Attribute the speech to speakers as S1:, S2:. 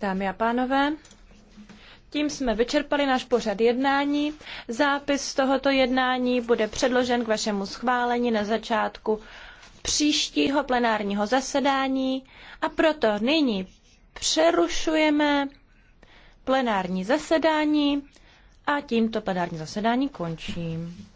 S1: Dámy a pánové, tím jsme vyčerpali náš pořad jednání. Zápis z tohoto jednání bude předložen k vašemu schválení na začátku příštího plenárního zasedání a proto nyní přerušujeme plenární zasedání a tímto plenární zasedání končím.